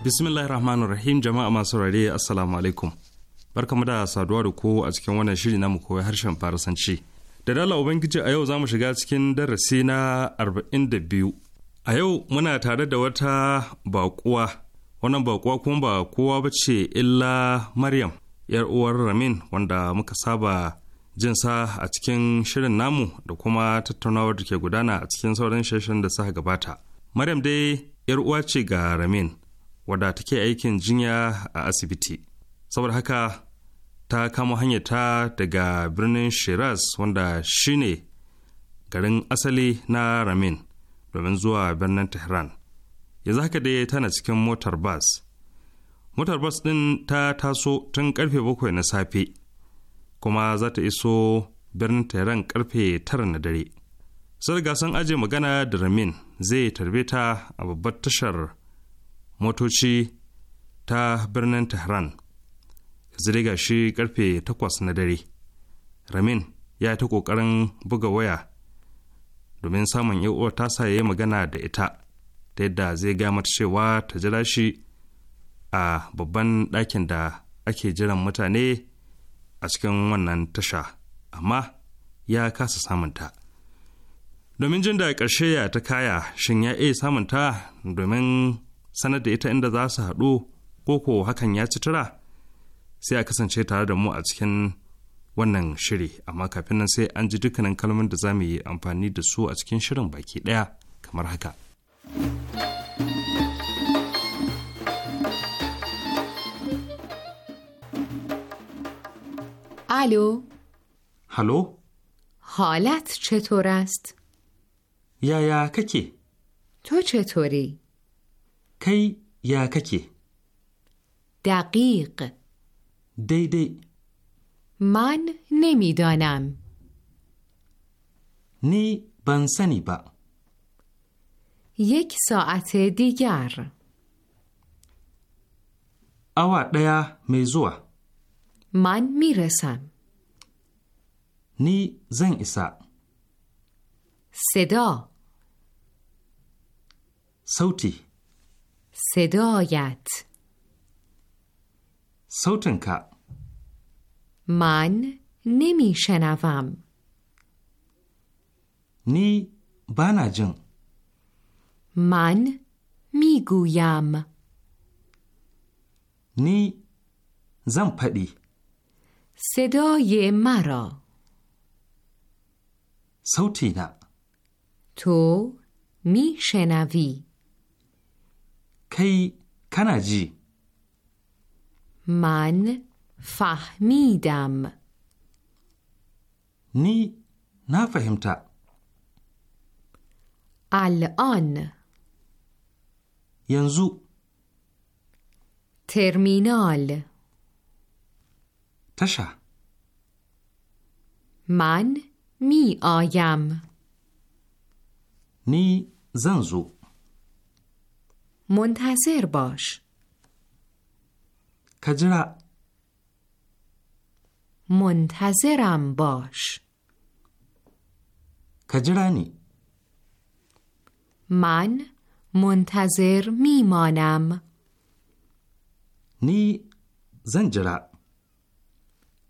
Speaker 5: bismillahir rahmanir rahim jama'a masu rare assalamu alaikum barkamu da saduwa da ko a cikin wannan shiri na mu koyi harshen Faransanci. da dala ubangiji a yau za mu shiga cikin darasi na arba'in da biyu a yau muna tare da wata baƙuwa wannan baƙuwa kuma ba kowa ba illa maryam yar uwar ramin wanda muka saba jin sa a cikin shirin namu da kuma tattaunawar da ke gudana a cikin sauran shirin da suka gabata maryam dai yar uwa ce ga ramin wadda take aikin jinya a asibiti saboda haka ta kamo hanyata daga birnin shiraz wanda shine garin asali na ramin domin zuwa birnin tehran yanzu haka dai tana cikin motar bas motar bas ɗin ta taso tun karfe bakwai na safe kuma za ta iso birnin tehran karfe tara na dare sun riga aje magana da ramin zai tarbe ta a babbar tashar motoci ta birnin tehran zirga shi karfe takwas na dare ramin ya yi ta kokarin buga waya domin samun uwar sa ya yi magana da ita ta yadda zai gama cewa ta jira shi a babban ɗakin da ake jiran mutane a cikin wannan tasha amma ya kasa samunta domin jin da ƙarshe ya ta kaya shin ya iya samunta domin sanar da ita inda za su haɗu ko ko hakan ya ci tura sai a kasance tare da mu a cikin wannan shiri amma kafin nan sai an ji dukkanin kalmomin da za mu yi amfani da su a cikin shirin baki ɗaya kamar haka. الو Halo?
Speaker 13: حالت چطور است؟
Speaker 5: یا یا ککی تو کی یا ککی
Speaker 13: دقیق دیدی دی من نمیدانم
Speaker 5: نی بنسنی با
Speaker 13: یک ساعت دیگر
Speaker 5: اوا دیا میزوه
Speaker 13: من میرسم
Speaker 5: نی زن ایسا
Speaker 13: صدا
Speaker 5: صوتی
Speaker 13: صدایت صوتنکا من نمی شنوم
Speaker 5: نی بانا جن
Speaker 13: من می گویم
Speaker 5: نی زن پدی
Speaker 13: صدای مرا صوتی تو می شنوی
Speaker 5: کی kana ji
Speaker 13: من فهمیدم
Speaker 5: نی نفهمتا
Speaker 13: الان ینزو ترمینال تشا من می آیم
Speaker 5: نی زنزو
Speaker 13: منتظر باش کجرا منتظرم باش
Speaker 5: کجرانی
Speaker 13: من منتظر میمانم
Speaker 5: نی زنجرا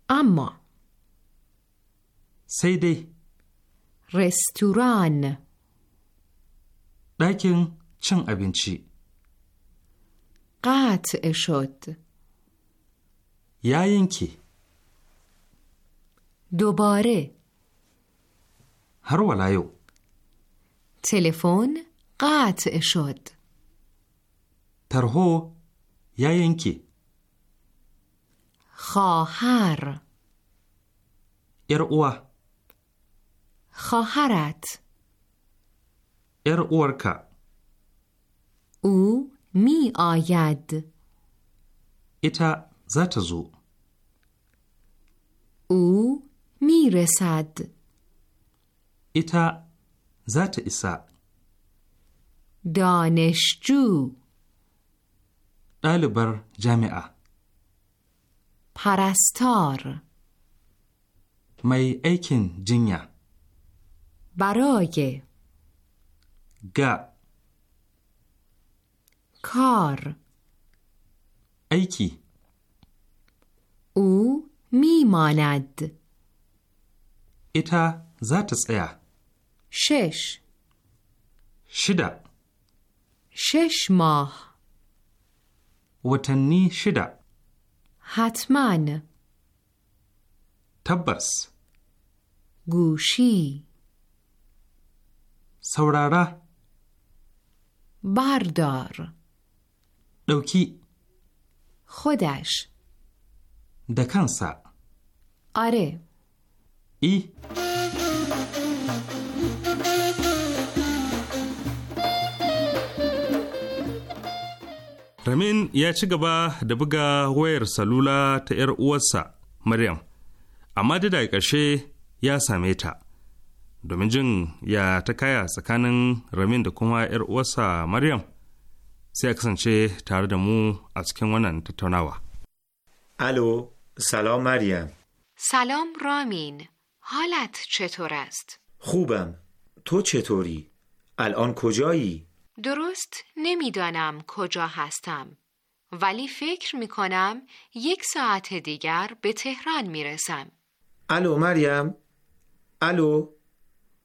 Speaker 13: اما سیدی. رستوران
Speaker 5: لیکن چن ابینچی
Speaker 13: قطع شد
Speaker 5: یا اینکی
Speaker 13: دوباره
Speaker 5: هر ولایو
Speaker 13: تلفن قطع شد
Speaker 5: ترهو یا اینکی
Speaker 13: خواهر ارعوه خواهرت
Speaker 5: ارعورکا
Speaker 13: او می آید
Speaker 5: ایتا زت زو
Speaker 13: او می رسد
Speaker 5: ایتا زت ایسا
Speaker 13: دانشجو
Speaker 5: دلبر جمعه
Speaker 13: پرستار
Speaker 5: می ایکن جنیا
Speaker 13: برای گ. کار ای کی؟ او میماند
Speaker 5: ایتا زات تسعیا
Speaker 13: شش شدا شش
Speaker 5: ماه وتنی شدا حتما تبس
Speaker 13: گوشی سورارا باردار ɗauki خودش da kansa Are.
Speaker 5: I. Ramin ya ci gaba da buga wayar salula ta ‘yar uwarsa, Maryam, amma da daga ƙarshe ya same ta. Domin jin ya ta kaya tsakanin Ramin da kuma ‘yar uwarsa Maryam, sai kasance tare da mu a
Speaker 14: الو سلام مریم
Speaker 13: سلام رامین حالت چطور است؟
Speaker 14: خوبم تو چطوری؟ الان کجایی؟
Speaker 13: درست نمیدانم کجا هستم ولی فکر می کنم یک ساعت دیگر به تهران می رسم
Speaker 14: الو مریم الو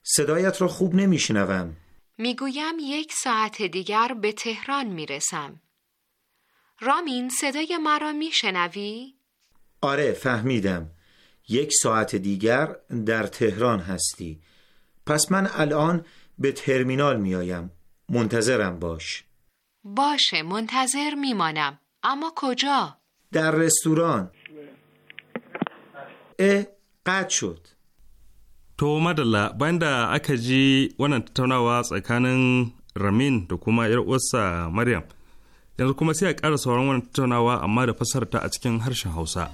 Speaker 14: صدایت را خوب نمیشنوم
Speaker 13: میگویم یک ساعت دیگر به تهران میرسم. رامین صدای مرا میشنوی؟
Speaker 14: آره فهمیدم. یک ساعت دیگر در تهران هستی. پس من الان به ترمینال میایم. منتظرم باش.
Speaker 13: باشه منتظر میمانم. اما کجا؟
Speaker 14: در رستوران.
Speaker 5: اه قد شد. To madalla bayan da aka ji wannan tattaunawa tsakanin Ramin da kuma ‘yar Maryam, yanzu kuma sai a ƙara sauran wannan tattaunawa amma da ta a cikin harshen Hausa.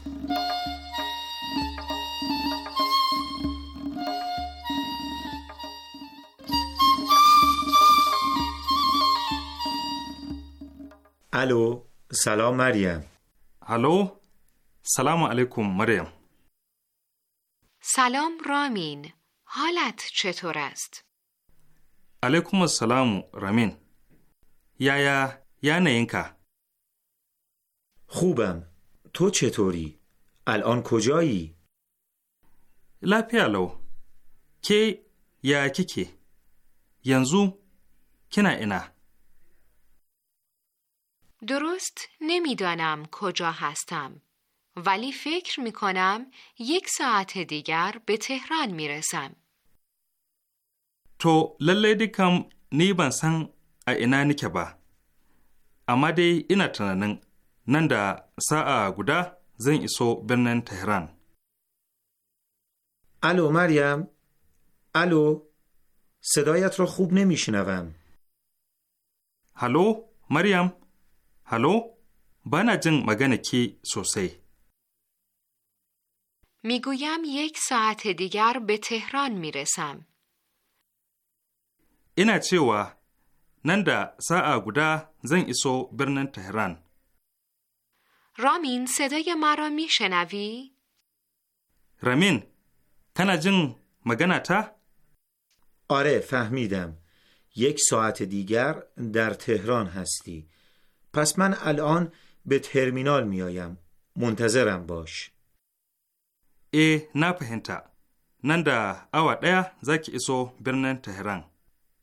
Speaker 14: Alo, سلام Maryam. Alo, salamu
Speaker 5: alaikum Maryam.
Speaker 13: سلام رامین حالت چطور است؟
Speaker 5: علیکم السلام رامین یا یا یا خوبم تو چطوری؟ الان کجایی؟ لپیالو کی یا که ینزو کنا اینا
Speaker 13: درست نمیدانم کجا هستم ولی فکر می کنم یک ساعت دیگر به تهران می رسم.
Speaker 5: تو للی دیکم نی سن اینا a ina nike ba, amma dai ina tunanin nan da sa'a الو مریم الو صدایت رو خوب نمیشنوم هلو مریم هلو بنا جن مگنه کی سوسی
Speaker 13: میگویم یک ساعت دیگر به تهران میرسم.
Speaker 5: اینا چیوا نندا سا ساعت زن ایسو برنن تهران
Speaker 13: رامین صدای مرا میشنوی؟
Speaker 5: رامین kana جن مگنا تا؟
Speaker 14: آره فهمیدم. یک ساعت دیگر در تهران هستی. پس من الان به ترمینال میایم. منتظرم باش.
Speaker 5: E, na fahimta, nan da awa ɗaya za ki iso birnin Teheran,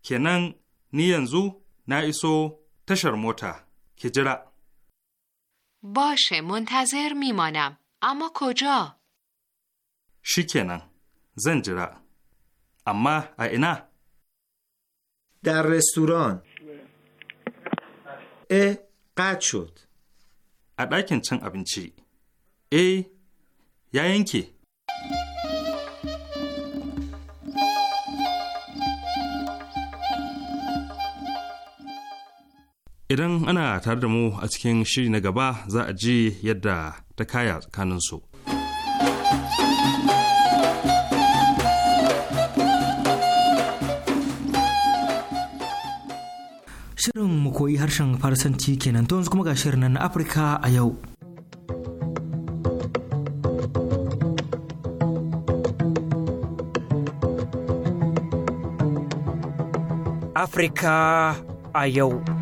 Speaker 5: kenan ni yanzu na iso tashar mota, ki jira.
Speaker 13: Bashe, muntazir mimanam, amma kojo?
Speaker 5: Shi kenan, zan jira, amma a ina? Da restoran. E, qad A ɗakin cin abinci, E, ya yanke. idan ana tare da mu a cikin shiri na gaba za a ji yadda ta kaya tsakanin
Speaker 1: su. Shirin mu koyi harshen Farsanci kenan to yanzu kuma ga shirin na Afirka a yau. Afirka
Speaker 15: a yau.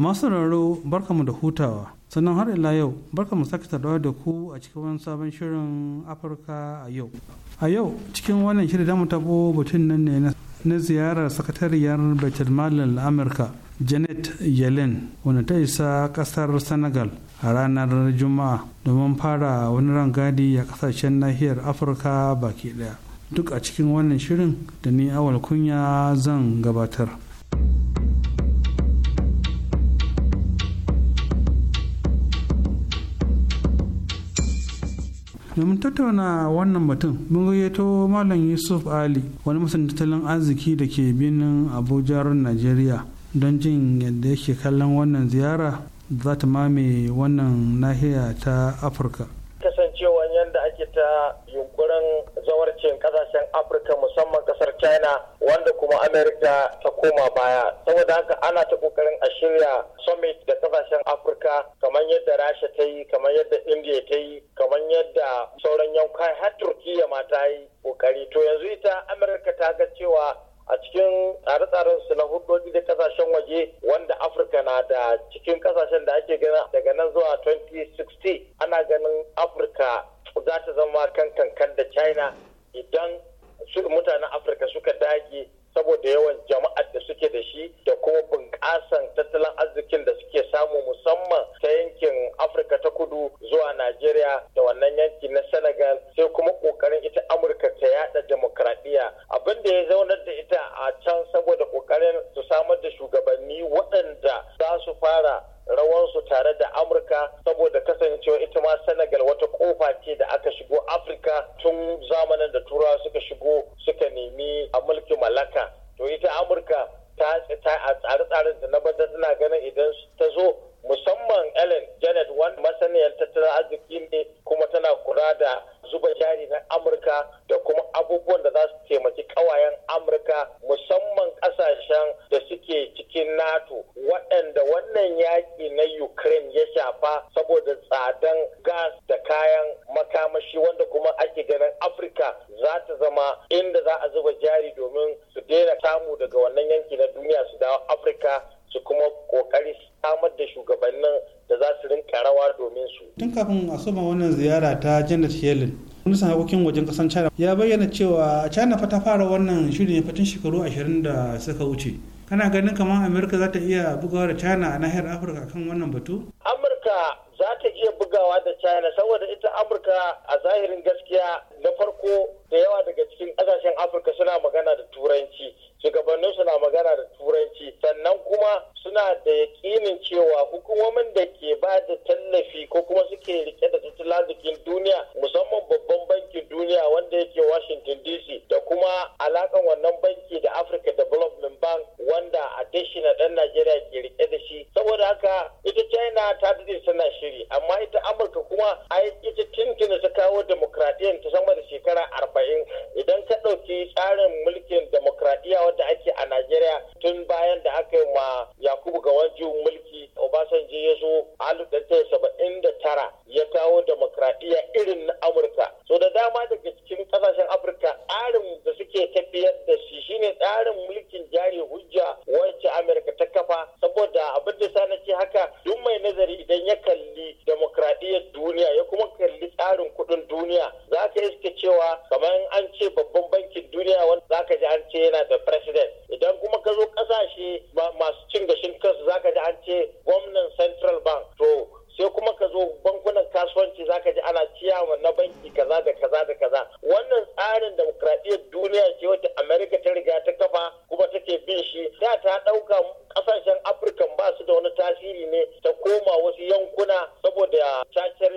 Speaker 15: masu raro barkamu da hutawa sannan har ila yau barkamu sake saduwa da ku a cikin wani sabon shirin afirka a yau a yau cikin wannan shirin damu tabo batun nan ne na ziyarar sakatariyar baitulmalin amurka janet yellen wanda ta isa kasar senegal a ranar juma'a domin fara wani rangadi a kasashen nahiyar afirka baki daya duk a cikin wannan shirin da ni awal kunya zan gabatar domin tattauna wannan batun mun gayyato malam yusuf ali wani masanin tattalin arziki da ke binin abuja najeriya don jin yadda yake kallon wannan ziyara za ta mame wannan nahiya ta afirka
Speaker 16: kasancewa yadda ake ta yunkurin zawarcin kasashen afirka musamman kasar china wanda kuma amerika ta koma baya saboda haka ana ta kokarin a shirya summit da kasashen afirka kamar yadda rasha ta yi kamar yadda india ta yi kamar yadda sauran yankai har turkiya ma ta yi kokari to yanzu ita amerika ta ga cewa a cikin tsare-tsaren su na hudodi da kasashen waje wanda afirka na da cikin kasashen da ake gana daga nan zuwa 2060 ana ganin afirka za ta zama kan kankan da china idan mutanen afirka suka dage saboda yawan jama'ar da suke da shi da kuma bunƙasan tattalin arzikin da suke samu musamman ta yankin afirka ta kudu zuwa najeriya da wannan yanki na senegal sai kuma ƙoƙarin ita amurka ta yada demokradiyya abin da ya zaunar da ita a can saboda ƙoƙarin su samar da shugabanni waɗanda za su fara rawansu tare da amurka saboda kasancewa ita ma senegal wata kofa ce da aka shigo afirka tun zamanin da turawa suka shigo suka nemi a mulkin mallaka to ita amurka ta a tsare da na bata tana ganin idan ta zo musamman ellen janet wanda masaniyar tattalin arziki ne kuma tana kula da zuba jari na amurka da kuma abubuwan da za su taimaki kawayen amurka musamman kasashen da suke cikin nato waɗanda wannan yaƙi na ukraine ya shafa saboda tsadan gas da kayan makamashi wanda kuma ake ganin afirka za ta zama inda za a zuba jari domin su daina samu daga wannan yanki na duniya su dawo afirka su kuma kokari samar da shugabannin da za su rinka rawa domin
Speaker 15: su. Tun kafin a soma wannan ziyara ta Janet Yellen, wani sanakokin wajen kasan China ya bayyana cewa China fa ta fara wannan shirin ya fatin shekaru ashirin da suka wuce. Kana ganin kamar Amurka za ta iya bugawa da China a nahiyar Afirka kan wannan batu?
Speaker 16: Amurka za ta iya bugawa da China saboda ita Amurka a zahirin gaskiya na farko da yawa daga cikin ƙasashen Afirka suna magana da Turanci. shugabannin suna magana da turanci sannan kuma suna da yakinin cewa hukumomin da ke ba da tallafi ko kuma suke rike da tattalin arzikin duniya musamman babban bankin duniya wanda yake washington dc da kuma alakan wannan banki da africa development bank wanda a na dan najeriya ke rike da shi saboda haka ita china ta dade tana shiri amma ita amurka kuma ai ita tintina ta kawo demokradiyyar ta sama da shekara arba'in idan ka ɗauki tsarin mulkin demokradiyya da ake a Najeriya tun bayan da aka yi ma Yakubu Gawanju mulki Obasanjo ya zo a saba'in da tara ya kawo demokradiyya irin na Amurka. So da dama daga cikin kasashen Afirka tsarin da suke tafiyar da shi shine tsarin mulkin jari hujja wacce Amurka ta kafa saboda abin da sa na ce haka duk mai nazari idan ya kalli demokradiyyar duniya ya kuma kalli tsarin kuɗin duniya za ka iske cewa kamar an ce babban bankin duniya wanda za ka ji an ce yana da president idan kuma ka zo ƙasashe masu cin gashin kansu za ka ji an ce gwamnan central bank to sai kuma ka zo bankunan kasuwanci za ka ji ana ciyawa na banki kaza da kaza da kaza wannan tsarin demokradiyyar duniya ce wata amerika ta riga ta kafa gaba take bin shi da ta dauka kasashen afirka ba su da wani tasiri ne ta koma wasu yankuna saboda cacar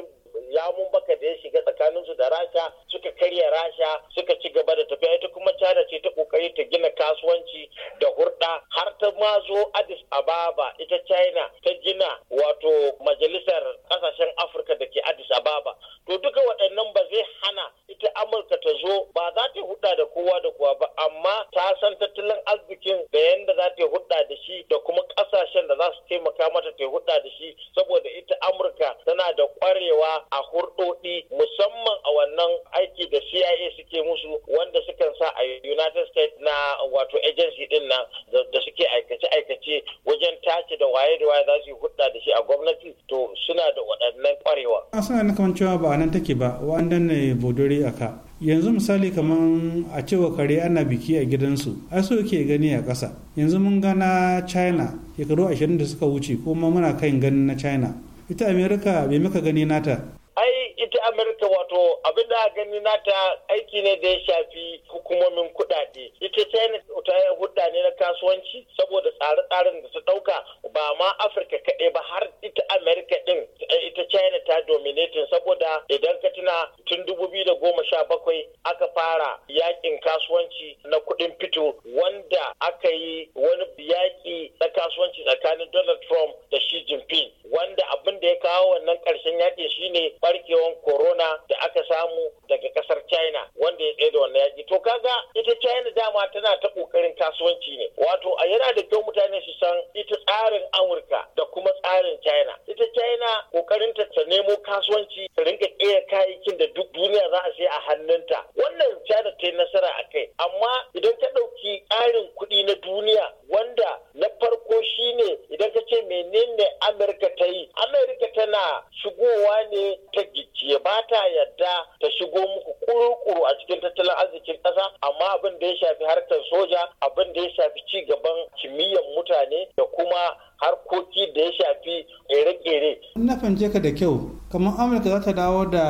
Speaker 16: yamun baka da ya shiga tsakaninsu da rasha suka karya rasha suka ci gaba da tafiya ita kuma china ce ta kokari ta gina kasuwanci da hurɗa har ta ma zo addis ababa ita china ta gina wato majalisar ƙasashen afirka da ke addis ababa to duka waɗannan ba zai hana ita amurka ta zo ba za ta hudda da kowa da kowa ba amma ta san tattalin arzikin da yadda za ta hudda da shi da kuma ƙasashen da za su taimaka mata ta hudda da shi saboda ita amurka tana da ƙwarewa a hurɗoɗi musamman a wannan aiki aiki da CIA suke musu wanda sukan sa a United States na wato agency din nan da suke aikace-aikace wajen tace da waye da waye za su yi hudda da shi a gwamnati to suna da waɗannan ƙwarewa.
Speaker 15: A suna na kamar cewa ba nan take ba wanda ne bodori aka. yanzu misali kamar a cewa kare ana biki a gidansu ai so ke gani a kasa yanzu mun gana china shekaru ashirin da suka wuce kuma muna kan ganin na china ita america bai maka gani nata
Speaker 16: ai ita america wato abin da gani nata aiki ne da ya shafi hukumomin kuɗaɗe ita china ta hudda ne na kasuwanci saboda tsare-tsaren da ta ɗauka ba ma afirka kaɗai ba har ita america din ita china ta dominating saboda idan ka tuna tun da sha bakwai aka fara yakin kasuwanci na kuɗin fito wanda aka yi wani yaƙi na kasuwanci tsakanin donald trump da shi jinping wanda abin da ya kawo wannan ƙarshen yaƙin shine barkewan koro. corona da aka samu daga kasar china wanda ya tsaye da wannan yaki to kaga ita china dama tana ta kokarin kasuwanci ne wato a yana da kyau mutane su san ita tsarin amurka da kuma tsarin china ita china kokarin ta ta nemo kasuwanci ta rinka kera kayayyakin da duk duniya za a sai a hannunta wannan china ta yi nasara a kai amma idan ka ɗauki tsarin kuɗi na duniya wanda na farko shine idan ka ce menene amurka ta yi amurka tana shigowa ne ta gicciye ba ba ta yadda ta shigo muku kurukuru a cikin tattalin arzikin ƙasa amma abin da ya shafi harkar soja abin da ya shafi ci gaban kimiyyar mutane da kuma harkoki da ya shafi ƙere-ƙere.
Speaker 15: na fahimce ka da kyau kamar amurka za ta dawo da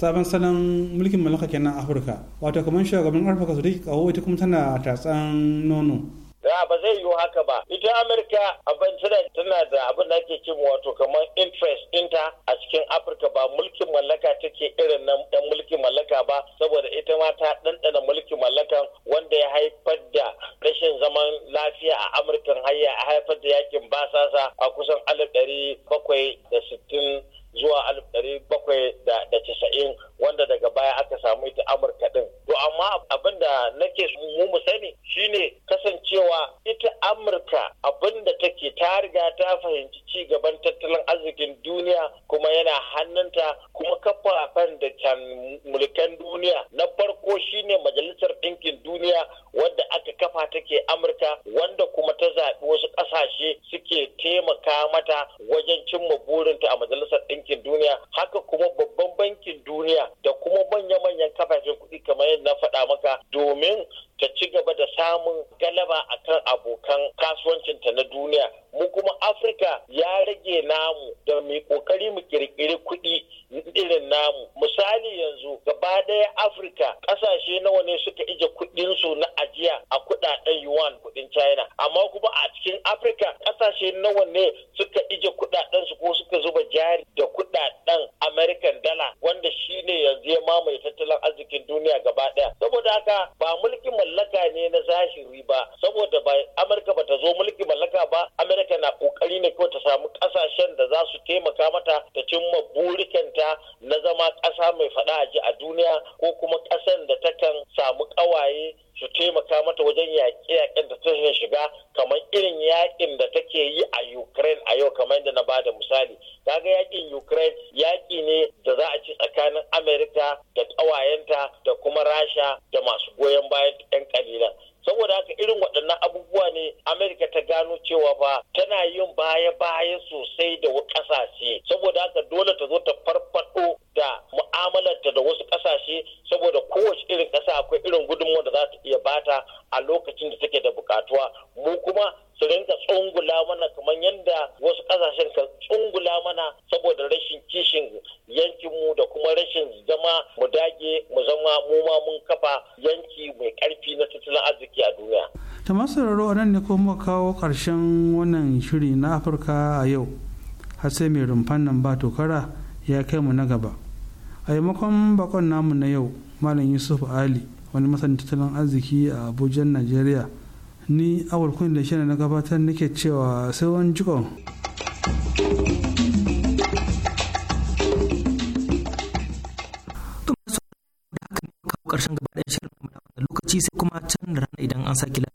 Speaker 15: sabon salon mulkin mallaka kenan afirka wato kamar shugaban afirka su da kawo ita kuma tana tatsan nono
Speaker 16: da ah, ba zai yiwu haka ba ita amurka abin tana da abin da ake cin wato kamar interest inta a cikin afirka ba mulkin mallaka take irin na dan mulkin mallaka ba saboda ita ma ta ɗanɗana mulkin mallakan wanda ya haifar da rashin zaman lafiya a amurkan hayya a haifar da yakin basasa a kusan alif ɗari bakwai da sittin zuwa alif ɗari bakwai da casa'in wanda daga baya aka samu ita amurka ɗin to amma abin da nake mu mu sani shine kasancewa ita amurka abin da take ta riga ta fahimci ci gaban tattalin arzikin duniya kuma yana hannunta kuma kafafen da can mulkan duniya na farko shine majalisar ɗinkin duniya wadda aka kafa take amurka wanda kuma ta zaɓi wasu ƙasashe suke taimaka mata wajen cimma burinta a majalisar ɗinkin duniya haka kuma babban bankin duniya da kuma manya-manyan kafafen kuɗi kamar yadda na faɗa maka domin ta ci gaba da samun galaba akan abokan kasuwancinta na duniya mu kuma afirka ya rage namu da mai kokari mu kirkiri kuɗi irin namu misali yanzu gaba ɗaya afirka ƙasashe nawa ne suka ije kuɗinsu na ajiya a kuɗaɗen yuan kuɗin china amma kuma a cikin afirka ƙasashe nawa ne suka ije kuɗaɗen su ko suka zuba jari da kuɗaɗen american dala wanda shi ne yanzu ya mamaye tattalin arzikin duniya gaba ɗaya saboda haka ba mulkin mallaka ne na zahiri ba saboda ba amurka ba ta zo mulki mallaka ba amurka na kokari ne ko ta samu kasashen da za su taimaka mata ta cimma burikanta na zama ƙasa mai faɗa a duniya ko kuma ƙasan da takan samu ƙawaye su taimaka mata wajen yaƙe-yaƙen da ta shiga kamar irin yaƙin da take yi a Ukraine a yau kamar yadda na bada misali. Kaga yaƙin Ukraine yaƙi ne da za a ci tsakanin Amerika da ƙawayenta da kuma Rasha da masu goyon bayan 'yan kalila saboda haka irin waɗannan abubuwa ne amerika ta gano cewa ba tana yin baya-baya sosai da ƙasashe saboda haka dole ta zo ta farfaɗo da mu'amalarta da wasu ƙasashe saboda kowace irin ƙasa lokacin da take da bukatuwa mu kuma su rinka tsungula mana kamar yadda wasu kasashen ka tsungula mana saboda rashin kishin yankinmu da kuma rashin zama mu dage mu zama mu ma mun kafa yanki mai karfi na tattalin arziki a duniya.
Speaker 15: ta masu nan ne muka kawo karshen wannan shiri na afirka a yau har sai mai rumfan nan ba tokara ya kai mu na gaba a makon bakon namu na yau malam yusuf ali wani masanin tattalin arziki a abuja nigeria ni awalkun kun da shi na gabatar nake cewa sai wani jiko karshen gaba
Speaker 1: ɗaya shirin lokaci sai kuma can da rana idan an sake